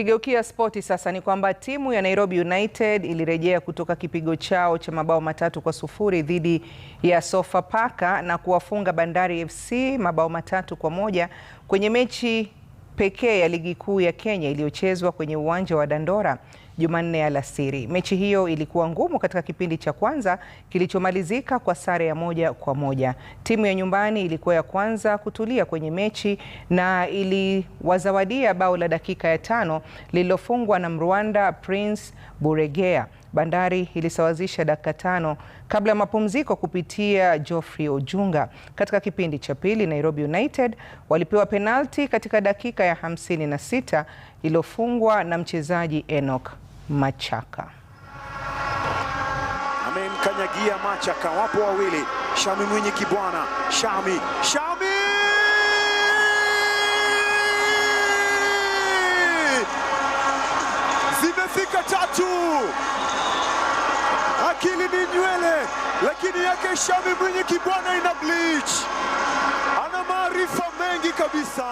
Kigeukia spoti sasa, ni kwamba timu ya Nairobi United ilirejea kutoka kipigo chao cha mabao matatu kwa sufuri dhidi ya Sofapaka na kuwafunga Bandari FC mabao matatu kwa moja kwenye mechi pekee ya Ligi Kuu ya Kenya iliyochezwa kwenye uwanja wa Dandora Jumanne alasiri. Mechi hiyo ilikuwa ngumu katika kipindi cha kwanza kilichomalizika kwa sare ya moja kwa moja. Timu ya nyumbani ilikuwa ya kwanza kutulia kwenye mechi na iliwazawadia bao la dakika ya tano lililofungwa na Mrwanda Prince Buregea. Bandari ilisawazisha dakika tano kabla ya mapumziko kupitia Geoffrey Ojunga. Katika kipindi cha pili, Nairobi United walipewa penalti katika dakika ya 56 iliyofungwa na mchezaji Enoch Machaka. Amemkanyagia Machaka, wapo wawili, Shami Mwinyi Kibwana, Shami, Shami zimefika tatu. Akili ni nywele, lakini yake Shami Mwinyi Kibwana ina bleach, ana maarifa mengi kabisa.